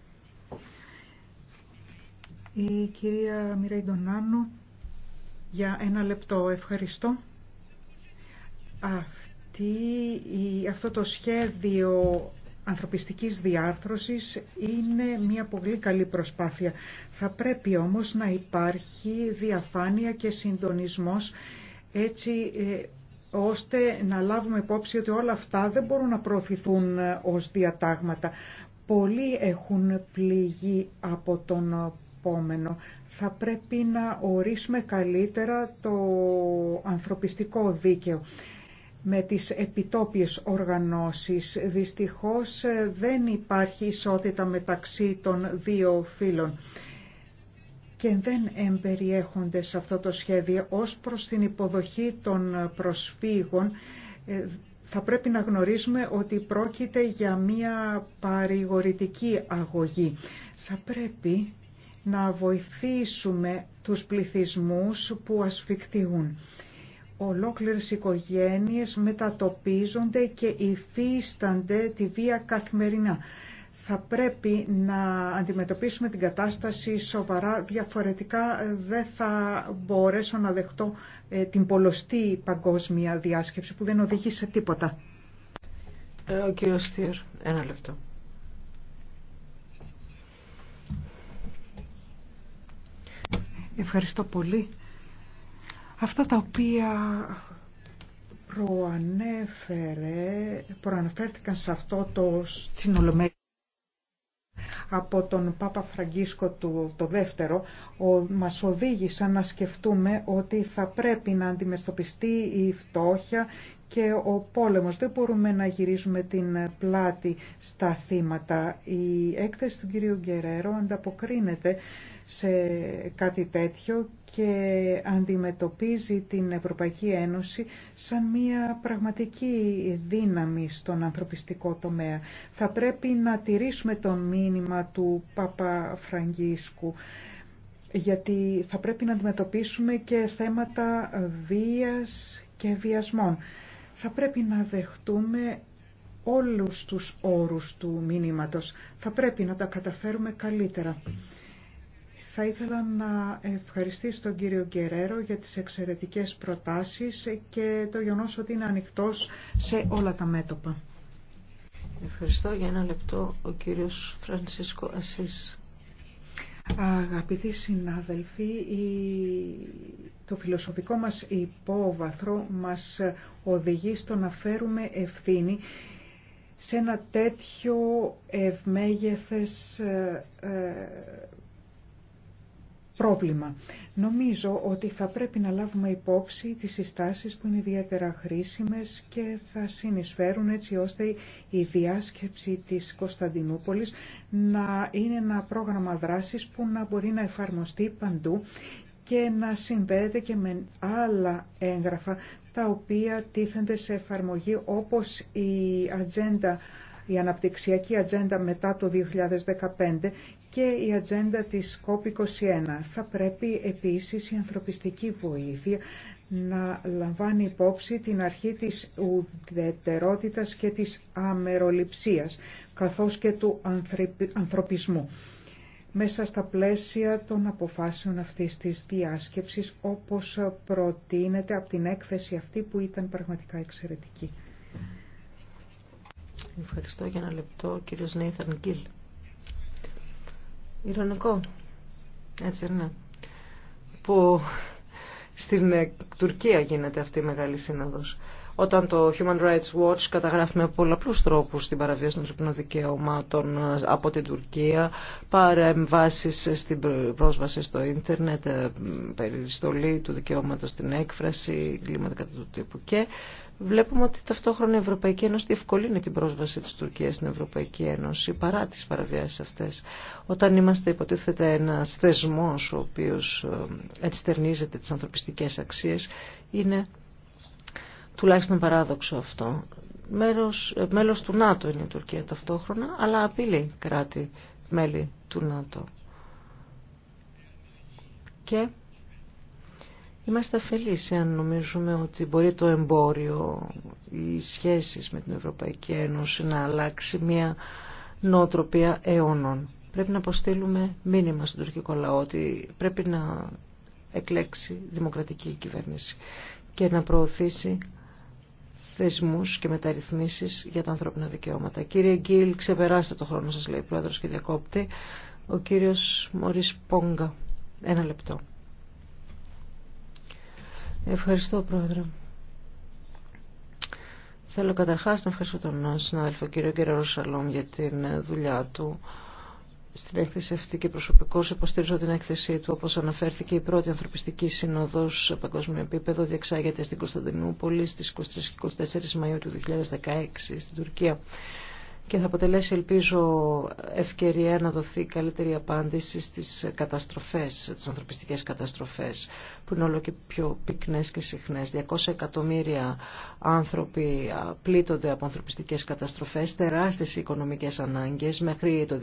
Η κυρία Μιρέιντονάνου για ένα λεπτό. Ευχαριστώ. Αυτή, αυτό το σχέδιο ανθρωπιστικής διάρθρωσης είναι μια πολύ καλή προσπάθεια. Θα πρέπει όμως να υπάρχει διαφάνεια και συντονισμός έτσι ε, ώστε να λάβουμε υπόψη ότι όλα αυτά δεν μπορούν να προωθηθούν ε, ως διατάγματα. Πολλοί έχουν πληγεί από τον πόμενο. Θα πρέπει να ορίσουμε καλύτερα το ανθρωπιστικό δίκαιο με τις επιτόπιες οργανώσεις. Δυστυχώς ε, δεν υπάρχει ισότητα μεταξύ των δύο φύλων και δεν εμπεριέχονται σε αυτό το σχέδιο ως προς την υποδοχή των προσφύγων ε, θα πρέπει να γνωρίζουμε ότι πρόκειται για μία παρηγορητική αγωγή. Θα πρέπει να βοηθήσουμε τους πληθυσμούς που ασφικτιούν ολόκληρες οικογένειες μετατοπίζονται και υφίστανται τη βία καθημερινά. Θα πρέπει να αντιμετωπίσουμε την κατάσταση σοβαρά, διαφορετικά ε, δεν θα μπορέσω να δεχτώ ε, την πολλωστή παγκόσμια διάσκεψη που δεν οδηγεί σε τίποτα. Ε, ο ένα λεπτό. Ευχαριστώ πολύ. Αυτά τα οποία προανέφερε, προανέφερθηκαν σε αυτό το στην από τον Πάπα Φραγκίσκο του, το δεύτερο ο, μας οδήγησαν να σκεφτούμε ότι θα πρέπει να αντιμετωπιστεί η φτώχεια και ο πόλεμος. Δεν μπορούμε να γυρίζουμε την πλάτη στα θύματα. Η έκθεση του κυρίου Γκερέρο ανταποκρίνεται σε κάτι τέτοιο και αντιμετωπίζει την Ευρωπαϊκή Ένωση σαν μια πραγματική δύναμη στον ανθρωπιστικό τομέα. Θα πρέπει να τηρήσουμε το μήνυμα του Παπα Φραγκίσκου γιατί θα πρέπει να αντιμετωπίσουμε και θέματα βίας και βιασμών. Θα πρέπει να δεχτούμε όλους τους όρους του μήνυματος. Θα πρέπει να τα καταφέρουμε καλύτερα. Θα ήθελα να ευχαριστήσω τον κύριο Γκερέρο για τις εξαιρετικές προτάσεις και το γεγονός ότι είναι ανοιχτός σε όλα τα μέτωπα. Ευχαριστώ για ένα λεπτό ο κύριος Φρανσίσκο Ασής. Αγαπητοί συνάδελφοι, το φιλοσοφικό μας υπόβαθρο μας οδηγεί στο να φέρουμε ευθύνη σε ένα τέτοιο ευμέγεθες ε, ε, πρόβλημα. Νομίζω ότι θα πρέπει να λάβουμε υπόψη τις συστάσεις που είναι ιδιαίτερα χρήσιμες και θα συνεισφέρουν έτσι ώστε η διάσκεψη της Κωνσταντινούπολης να είναι ένα πρόγραμμα δράσης που να μπορεί να εφαρμοστεί παντού και να συνδέεται και με άλλα έγγραφα τα οποία τίθενται σε εφαρμογή όπως η ατζέντα η αναπτυξιακή ατζέντα μετά το 2015 και η ατζέντα της COP21. Θα πρέπει επίσης η ανθρωπιστική βοήθεια να λαμβάνει υπόψη την αρχή της ουδετερότητας και της αμεροληψίας, καθώς και του ανθρωπισμού μέσα στα πλαίσια των αποφάσεων αυτής της διάσκεψης, όπως προτείνεται από την έκθεση αυτή που ήταν πραγματικά εξαιρετική. Ευχαριστώ για ένα λεπτό, κύριος Νέιθαν Γκίλ. Ιρωνικό, Έτσι είναι. Που στην ε, Τουρκία γίνεται αυτή η μεγάλη σύνοδος. Όταν το Human Rights Watch καταγράφει με πολλαπλούς τρόπους την παραβίαση των ανθρωπίνων δικαιωμάτων ε, από την Τουρκία, παρεμβάσεις στην πρόσβαση στο ίντερνετ, ε, περιστολή του δικαιώματος στην έκφραση, κλίματα κατά του τύπου και Βλέπουμε ότι ταυτόχρονα η Ευρωπαϊκή Ένωση διευκολύνει την πρόσβαση της Τουρκίας στην Ευρωπαϊκή Ένωση παρά τις παραβιάσεις αυτές. Όταν είμαστε υποτίθεται ένας θεσμός ο οποίος ε, ενστερνίζεται τις ανθρωπιστικές αξίες είναι τουλάχιστον παράδοξο αυτό. Μέρος, ε, μέλος του ΝΑΤΟ είναι η Τουρκία ταυτόχρονα αλλά απειλεί κράτη μέλη του ΝΑΤΟ. Και Είμαστε αφελείς αν νομίζουμε ότι μπορεί το εμπόριο, οι σχέσεις με την Ευρωπαϊκή Ένωση να αλλάξει μια νοοτροπία αιώνων. Πρέπει να αποστείλουμε μήνυμα στον τουρκικό λαό ότι πρέπει να εκλέξει δημοκρατική κυβέρνηση και να προωθήσει θεσμούς και μεταρρυθμίσεις για τα ανθρώπινα δικαιώματα. Κύριε Γκίλ, ξεπεράστε το χρόνο σας, λέει ο Πρόεδρος και διακόπτη. Ο κύριος Μωρίς Πόγκα. Ένα λεπτό. Ευχαριστώ, Πρόεδρε. Θέλω καταρχάς να ευχαριστώ τον συνάδελφο κύριο Γκέρα Σαλόμ για την ε, δουλειά του στην έκθεση αυτή και προσωπικώ υποστηρίζω την έκθεσή του. Όπω αναφέρθηκε, η πρώτη ανθρωπιστική σύνοδο σε παγκόσμιο επίπεδο διεξάγεται στην Κωνσταντινούπολη στι 23 και 24 Μαου του 2016 στην Τουρκία και θα αποτελέσει ελπίζω ευκαιρία να δοθεί καλύτερη απάντηση στις καταστροφές, στις ανθρωπιστικές καταστροφές που είναι όλο και πιο πυκνές και συχνές. 200 εκατομμύρια άνθρωποι πλήττονται από ανθρωπιστικές καταστροφές, τεράστιες οικονομικές ανάγκες. Μέχρι το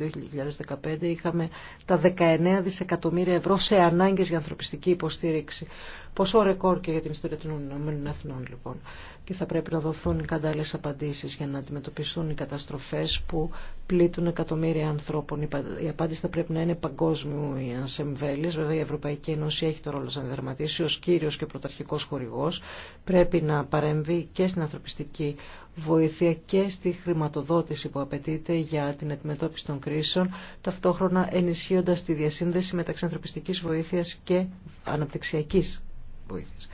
2015 είχαμε τα 19 δισεκατομμύρια ευρώ σε ανάγκες για ανθρωπιστική υποστήριξη. Ποσό ρεκόρ και για την ιστορία των Ηνωμένων Εθνών λοιπόν και θα πρέπει να δοθούν οι κατάλληλες απαντήσεις για να αντιμετωπιστούν οι καταστροφές που πλήττουν εκατομμύρια ανθρώπων. Η απάντηση θα πρέπει να είναι παγκόσμιου η ανσεμβελης Βέβαια η Ευρωπαϊκή Ένωση έχει το ρόλο να δερματίσει ως κύριος και πρωταρχικός χορηγός. Πρέπει να παρέμβει και στην ανθρωπιστική βοήθεια και στη χρηματοδότηση που απαιτείται για την αντιμετώπιση των κρίσεων, ταυτόχρονα ενισχύοντας τη διασύνδεση μεταξύ ανθρωπιστική βοήθεια και αναπτυξιακή βοήθεια.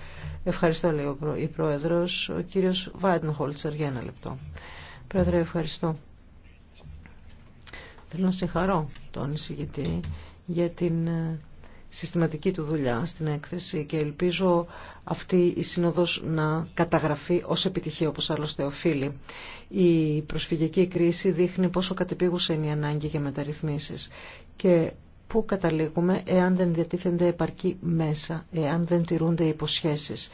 Ευχαριστώ, λέει η Πρόεδρος. Ο κύριος Βάιντενχολτσερ για ένα λεπτό. Πρόεδρε, ευχαριστώ. Θέλω να συγχαρώ τον εισηγητή για την ε, συστηματική του δουλειά στην έκθεση και ελπίζω αυτή η σύνοδος να καταγραφεί ως επιτυχία όπως άλλωστε οφείλει. Η προσφυγική κρίση δείχνει πόσο κατεπίγουσα είναι η ανάγκη για μεταρρυθμίσεις πού καταλήγουμε εάν δεν διατίθενται επαρκή μέσα, εάν δεν τηρούνται οι υποσχέσεις.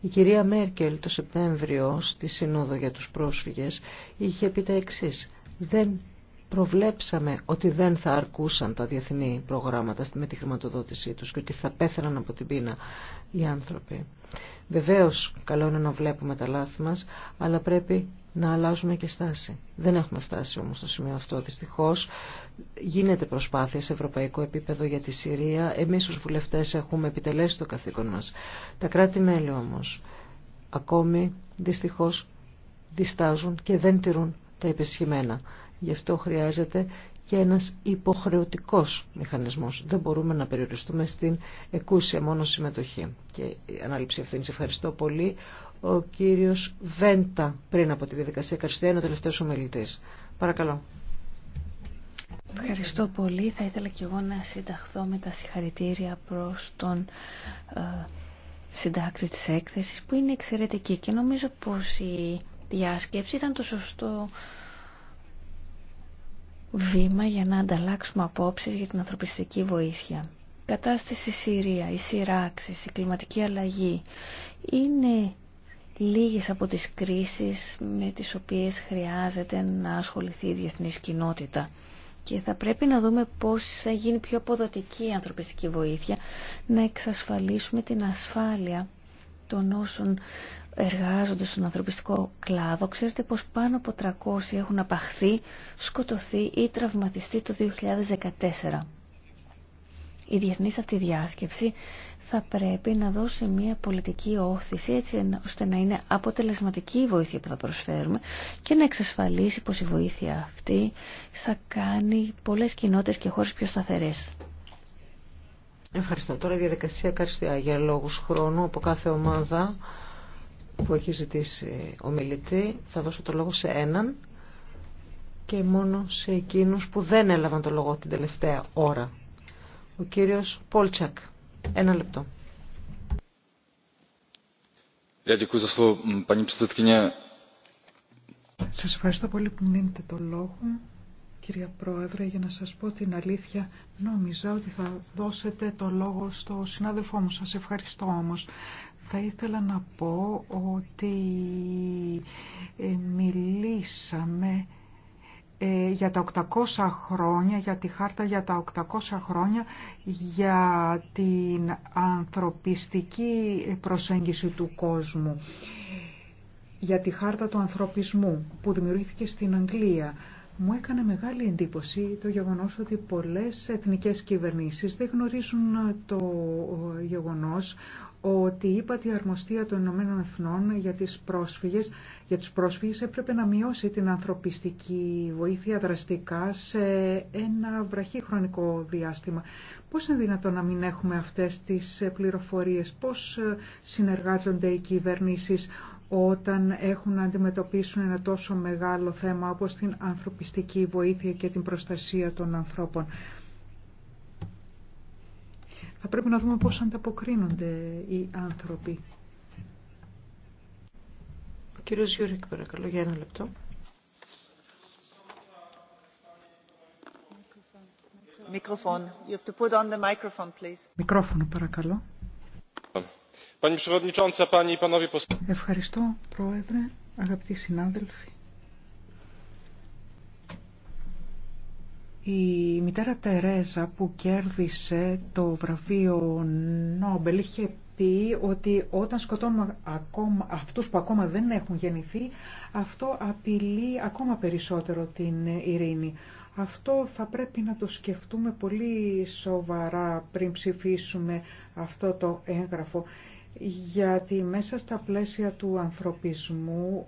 Η κυρία Μέρκελ το Σεπτέμβριο στη Συνόδο για τους πρόσφυγες είχε πει τα εξής. Δεν προβλέψαμε ότι δεν θα αρκούσαν τα διεθνή προγράμματα με τη χρηματοδότησή τους και ότι θα πέθαναν από την πείνα οι άνθρωποι. Βεβαίως καλό είναι να βλέπουμε τα λάθη μας, αλλά πρέπει να αλλάζουμε και στάση. Δεν έχουμε φτάσει όμως στο σημείο αυτό δυστυχώς. Γίνεται προσπάθεια σε ευρωπαϊκό επίπεδο για τη Συρία. Εμείς ως βουλευτές έχουμε επιτελέσει το καθήκον μας. Τα κράτη-μέλη όμως ακόμη δυστυχώς διστάζουν και δεν τηρούν τα επισχημένα. Γι' αυτό χρειάζεται και ένας υποχρεωτικός μηχανισμός. Δεν μπορούμε να περιοριστούμε στην εκούσια μόνο συμμετοχή. Και η ανάληψη ευθύνης ευχαριστώ πολύ. Ο κύριος Βέντα πριν από τη διαδικασία ευχαριστώ. είναι ο τελευταίος ομιλητής. Παρακαλώ. Ευχαριστώ πολύ. Θα ήθελα και εγώ να συνταχθώ με τα συγχαρητήρια προς τον ε, συντάκτη της έκθεσης που είναι εξαιρετική και νομίζω πως η διάσκεψη ήταν το σωστό βήμα για να ανταλλάξουμε απόψεις για την ανθρωπιστική βοήθεια. Η κατάσταση Συρία, οι σειράξεις, η κλιματική αλλαγή είναι λίγες από τις κρίσεις με τις οποίες χρειάζεται να ασχοληθεί η διεθνής κοινότητα. Και θα πρέπει να δούμε πώς θα γίνει πιο αποδοτική η ανθρωπιστική βοήθεια, να εξασφαλίσουμε την ασφάλεια των όσων εργάζονται στον ανθρωπιστικό κλάδο, ξέρετε πως πάνω από 300 έχουν απαχθεί, σκοτωθεί ή τραυματιστεί το 2014. Η διεθνής αυτή διάσκεψη θα πρέπει να δώσει μια πολιτική όθηση έτσι ώστε να είναι αποτελεσματική η βοήθεια που θα προσφέρουμε και να εξασφαλίσει πως η βοήθεια αυτή θα κάνει πολλές κοινότητες και χώρες πιο σταθερές. Ευχαριστώ. Τώρα η διαδικασία καρστιά για λόγους χρόνου από κάθε ομάδα που έχει ζητήσει ο μιλητή. Θα δώσω το λόγο σε έναν και μόνο σε εκείνους που δεν έλαβαν το λόγο την τελευταία ώρα. Ο κύριος Πόλτσακ. Ένα λεπτό. Σας ευχαριστώ πολύ που δίνετε το λόγο. Κυρία Πρόεδρε, για να σας πω την αλήθεια, νόμιζα ότι θα δώσετε το λόγο στο συνάδελφό μου. Σας ευχαριστώ όμως. Θα ήθελα να πω ότι ε, μιλήσαμε ε, για τα 800 χρόνια, για τη χάρτα για τα 800 χρόνια, για την ανθρωπιστική προσέγγιση του κόσμου, για τη χάρτα του ανθρωπισμού που δημιουργήθηκε στην Αγγλία. Μου έκανε μεγάλη εντύπωση το γεγονός ότι πολλές εθνικές κυβερνήσεις δεν γνωρίζουν ε, το γεγονός ότι η ύπατη αρμοστία των Ηνωμένων Εθνών για, τις πρόσφυγες, για τις πρόσφυγες έπρεπε να μειώσει την ανθρωπιστική βοήθεια δραστικά σε ένα βραχή χρονικό διάστημα. Πώς είναι δυνατόν να μην έχουμε αυτές τις πληροφορίες, πώς ε, συνεργάζονται οι κυβερνήσεις όταν έχουν να αντιμετωπίσουν ένα τόσο μεγάλο θέμα όπως την ανθρωπιστική βοήθεια και την προστασία των ανθρώπων. Θα πρέπει να δούμε πώς ανταποκρίνονται οι άνθρωποι. Ο παρακαλώ, για ένα λεπτό. you have to put on the microphone, please. Μικρόφωνο, παρακαλώ. Ευχαριστώ, Πρόεδρε, αγαπητοί συνάδελφοι. Η μητέρα Τερέζα που κέρδισε το βραβείο Νόμπελ είχε πει ότι όταν σκοτώνουμε ακόμα, αυτούς που ακόμα δεν έχουν γεννηθεί, αυτό απειλεί ακόμα περισσότερο την ειρήνη. Αυτό θα πρέπει να το σκεφτούμε πολύ σοβαρά πριν ψηφίσουμε αυτό το έγγραφο γιατί μέσα στα πλαίσια του ανθρωπισμού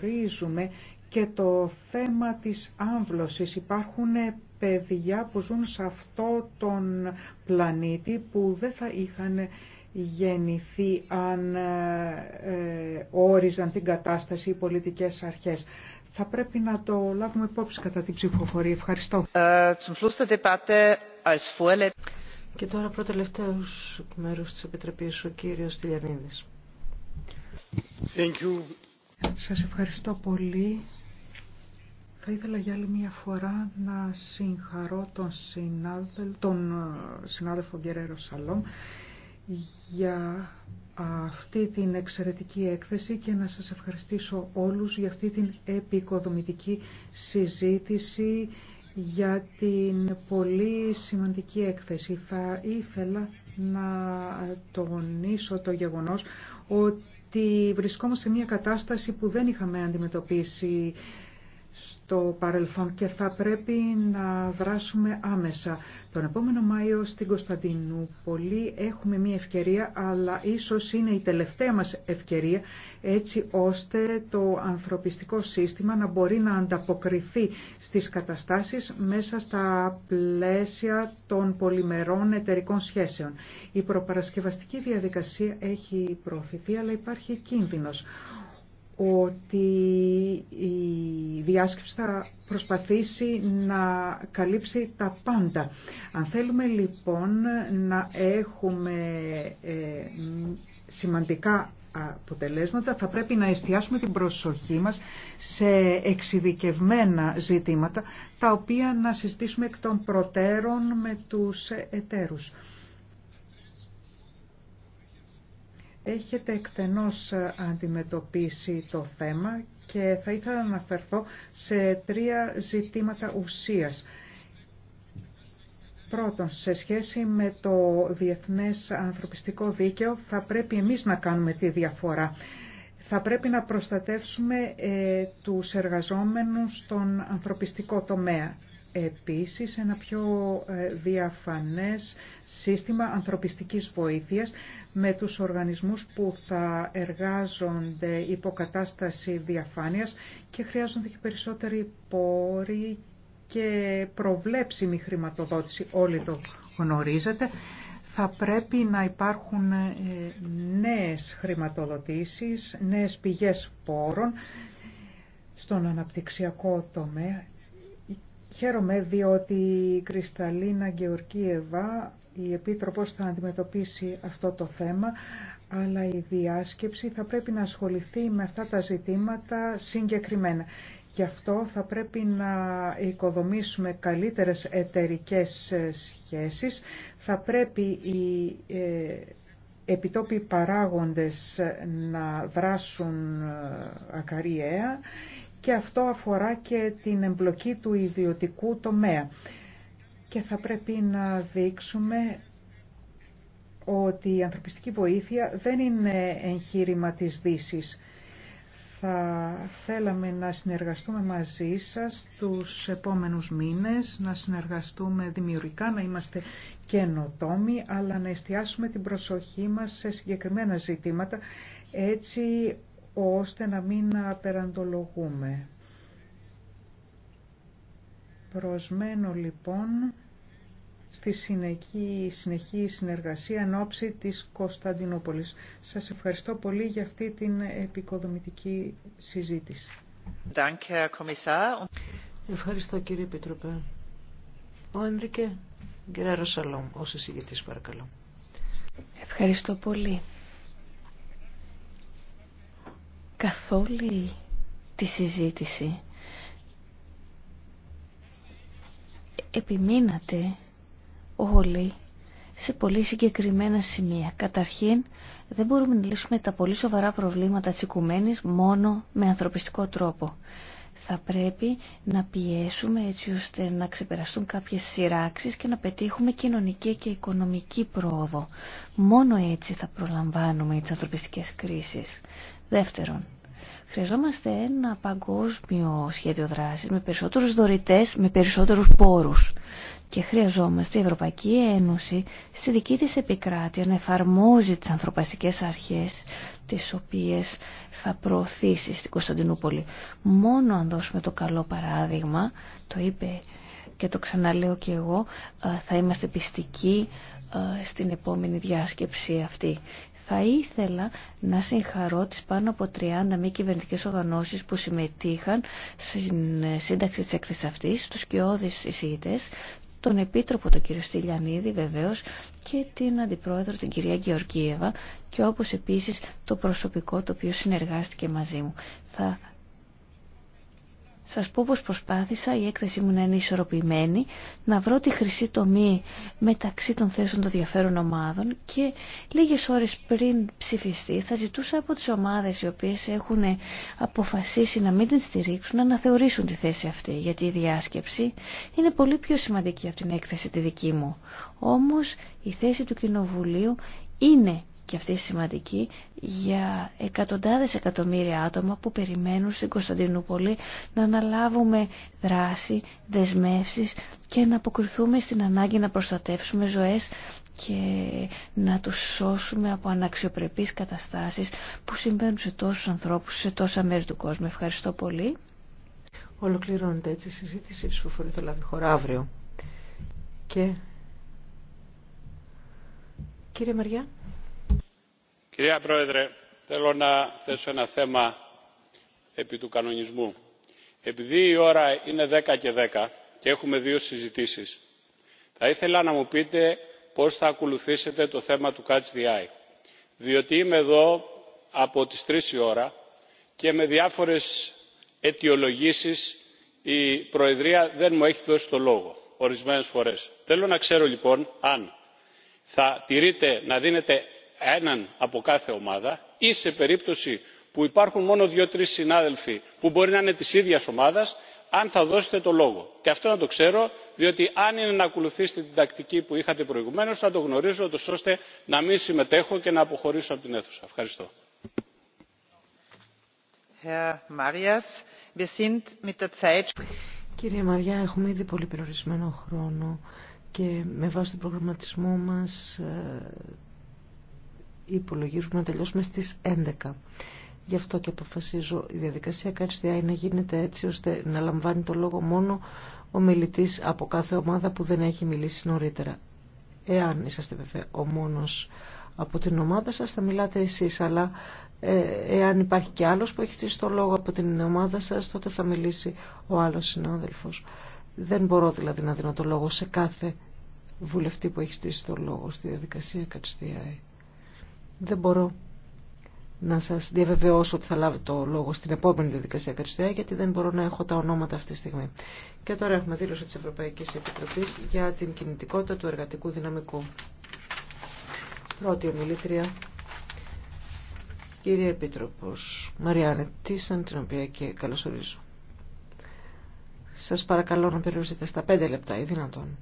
ορίζουμε και το θέμα της άμβλωσης. Υπάρχουν παιδιά που ζουν σε αυτό τον πλανήτη που δεν θα είχαν γεννηθεί αν ε, όριζαν την κατάσταση οι πολιτικές αρχές. Θα πρέπει να το λάβουμε υπόψη κατά την ψηφοφορία. Ευχαριστώ. Ε, και τώρα πρώτα τελευταίος μέρος της Επιτροπής, ο κύριος Τηλιανίδης. Σας ευχαριστώ πολύ. Θα ήθελα για άλλη μια φορά να συγχαρώ τον, συνάδελ, τον ε, συνάδελφο Γκερέρο Σαλόμ για αυτή την εξαιρετική έκθεση και να σας ευχαριστήσω όλους για αυτή την επικοδομητική συζήτηση για την πολύ σημαντική έκθεση. Θα ήθελα να τονίσω το γεγονός ότι βρισκόμαστε σε μια κατάσταση που δεν είχαμε αντιμετωπίσει στο παρελθόν και θα πρέπει να δράσουμε άμεσα. Τον επόμενο Μάιο στην Κωνσταντινούπολη έχουμε μία ευκαιρία, αλλά ίσως είναι η τελευταία μας ευκαιρία, έτσι ώστε το ανθρωπιστικό σύστημα να μπορεί να ανταποκριθεί στις καταστάσεις μέσα στα πλαίσια των πολυμερών εταιρικών σχέσεων. Η προπαρασκευαστική διαδικασία έχει προωθηθεί, αλλά υπάρχει κίνδυνος ότι η διάσκεψη θα προσπαθήσει να καλύψει τα πάντα. Αν θέλουμε λοιπόν να έχουμε ε, σημαντικά αποτελέσματα θα πρέπει να εστιάσουμε την προσοχή μας σε εξειδικευμένα ζητήματα τα οποία να συστήσουμε εκ των προτέρων με τους εταίρους. έχετε εκτενώς αντιμετωπίσει το θέμα και θα ήθελα να αναφερθώ σε τρία ζητήματα ουσίας. Πρώτον, σε σχέση με το διεθνές ανθρωπιστικό δίκαιο θα πρέπει εμείς να κάνουμε τη διαφορά. Θα πρέπει να προστατεύσουμε ε, τους εργαζόμενους στον ανθρωπιστικό τομέα επίσης ένα πιο ε, διαφανές σύστημα ανθρωπιστικής βοήθειας με τους οργανισμούς που θα εργάζονται υποκατάσταση διαφάνειας και χρειάζονται και περισσότεροι πόροι και προβλέψιμη χρηματοδότηση. Όλοι το γνωρίζετε. Θα πρέπει να υπάρχουν ε, νέες χρηματοδοτήσεις, νέες πηγές πόρων στον αναπτυξιακό τομέα Χαίρομαι διότι η Κρυσταλίνα Γεωργίευα, η Επίτροπος θα αντιμετωπίσει αυτό το θέμα, αλλά η διάσκεψη θα πρέπει να ασχοληθεί με αυτά τα ζητήματα συγκεκριμένα. Γι' αυτό θα πρέπει να οικοδομήσουμε καλύτερες εταιρικές ε, σχέσεις. Θα πρέπει οι ε, επιτόπιοι παράγοντες να δράσουν ε, ακαρίαια και αυτό αφορά και την εμπλοκή του ιδιωτικού τομέα. Και θα πρέπει να δείξουμε ότι η ανθρωπιστική βοήθεια δεν είναι εγχείρημα της Δύσης. Θα θέλαμε να συνεργαστούμε μαζί σας τους επόμενους μήνες, να συνεργαστούμε δημιουργικά, να είμαστε καινοτόμοι, αλλά να εστιάσουμε την προσοχή μας σε συγκεκριμένα ζητήματα, έτσι ώστε να μην απεραντολογούμε. Προσμένω λοιπόν στη συνεχή, συνεχή συνεργασία εν ώψη της Κωνσταντινούπολης. Σας ευχαριστώ πολύ για αυτή την επικοδομητική συζήτηση. Ευχαριστώ κύριε Επίτροπε. Ο Ενρικέ κύριε Σαλόμ, ως εισηγητής παρακαλώ. Ευχαριστώ πολύ. Καθόλου τη συζήτηση επιμείνατε όλοι σε πολύ συγκεκριμένα σημεία. Καταρχήν, δεν μπορούμε να λύσουμε τα πολύ σοβαρά προβλήματα της μόνο με ανθρωπιστικό τρόπο θα πρέπει να πιέσουμε έτσι ώστε να ξεπεραστούν κάποιες σειράξεις και να πετύχουμε κοινωνική και οικονομική πρόοδο. Μόνο έτσι θα προλαμβάνουμε τις ανθρωπιστικές κρίσεις. Δεύτερον, χρειαζόμαστε ένα παγκόσμιο σχέδιο δράσης με περισσότερους δωρητές, με περισσότερους πόρους και χρειαζόμαστε η Ευρωπαϊκή Ένωση στη δική της επικράτεια να εφαρμόζει τις ανθρωπαστικές αρχές τις οποίες θα προωθήσει στην Κωνσταντινούπολη. Μόνο αν δώσουμε το καλό παράδειγμα, το είπε και το ξαναλέω και εγώ, ε, θα είμαστε πιστικοί ε, στην επόμενη διάσκεψη αυτή. Θα ήθελα να συγχαρώ τις πάνω από 30 μη κυβερνητικέ οργανώσεις που συμμετείχαν στην ε, σύνταξη της έκθεσης αυτής, τους κοιόδης τον Επίτροπο τον κύριο Στυλιανίδη βεβαίως και την Αντιπρόεδρο την κυρία Γεωργίευα και όπως επίσης το προσωπικό το οποίο συνεργάστηκε μαζί μου σας πω πως προσπάθησα η έκθεση μου να είναι ισορροπημένη, να βρω τη χρυσή τομή μεταξύ των θέσεων των διαφέρων ομάδων και λίγες ώρες πριν ψηφιστεί θα ζητούσα από τις ομάδες οι οποίες έχουν αποφασίσει να μην την στηρίξουν να θεωρήσουν τη θέση αυτή γιατί η διάσκεψη είναι πολύ πιο σημαντική από την έκθεση τη δική μου. Όμως η θέση του Κοινοβουλίου είναι και αυτή σημαντική για εκατοντάδες εκατομμύρια άτομα που περιμένουν στην Κωνσταντινούπολη να αναλάβουμε δράση, δεσμεύσεις και να αποκριθούμε στην ανάγκη να προστατεύσουμε ζωές και να τους σώσουμε από αναξιοπρεπείς καταστάσεις που συμβαίνουν σε τόσους ανθρώπους, σε τόσα μέρη του κόσμου. Ευχαριστώ πολύ. Ολοκληρώνεται έτσι η συζήτηση, η λάβει χώρα αύριο. Και... Κύριε Μαριά. Κυρία Πρόεδρε, θέλω να θέσω ένα θέμα επί του κανονισμού. Επειδή η ώρα είναι δέκα και δέκα και έχουμε δύο συζητήσεις, θα ήθελα να μου πείτε πώς θα ακολουθήσετε το θέμα του Catch the Eye. Διότι είμαι εδώ από τις τρεις η ώρα και με διάφορες αιτιολογήσεις η Προεδρία δεν μου έχει δώσει το λόγο ορισμένες φορές. Θέλω να ξέρω λοιπόν αν θα τηρείτε να δίνετε έναν από κάθε ομάδα ή σε περίπτωση που υπάρχουν μόνο δύο τρεις συνάδελφοι που μπορεί να είναι της ίδιας ομάδας αν θα δώσετε το λόγο. και αυτό να το ξέρω διότι αν είναι να ακολουθήσετε την τακτική που είχατε προηγουμένως θα το γνωρίζω ώστε να μην συμμετέχω και να αποχωρήσω από την αίθουσα. ευχαριστώ. Κύριε Μαριά, έχουμε ήδη πολύ περιορισμένο χρόνο και με βάση τον προγραμματισμό μας ε, υπολογίζουμε να τελειώσουμε στις 11. Γι' αυτό και αποφασίζω η διαδικασία ΚΑΤΣΤΙΑΙ να γίνεται έτσι ώστε να λαμβάνει το λόγο μόνο ο μιλητής από κάθε ομάδα που δεν έχει μιλήσει νωρίτερα. Εάν είσαστε βέβαια ο μόνος από την ομάδα σας θα μιλάτε εσείς, αλλά ε, εάν υπάρχει και άλλος που έχει στήσει το λόγο από την ομάδα σας τότε θα μιλήσει ο άλλος συνάδελφος. Δεν μπορώ δηλαδή να δίνω το λόγο σε κάθε βουλευτή που έχει στήσει το λόγο στη διαδικασία ΚΑΤΣΤΙΑΙ. Δεν μπορώ να σας διαβεβαιώσω ότι θα λάβω το λόγο στην επόμενη διαδικασία Καριστέα, γιατί δεν μπορώ να έχω τα ονόματα αυτή τη στιγμή. Και τώρα έχουμε δήλωση της Ευρωπαϊκής Επιτροπής για την κινητικότητα του εργατικού δυναμικού. Πρώτη ομιλήτρια, κύριε Επίτροπος Μαριάννε Τίσαν, την οποία και καλωσορίζω. Σας παρακαλώ να περιορίσετε στα πέντε λεπτά ή δυνατόν.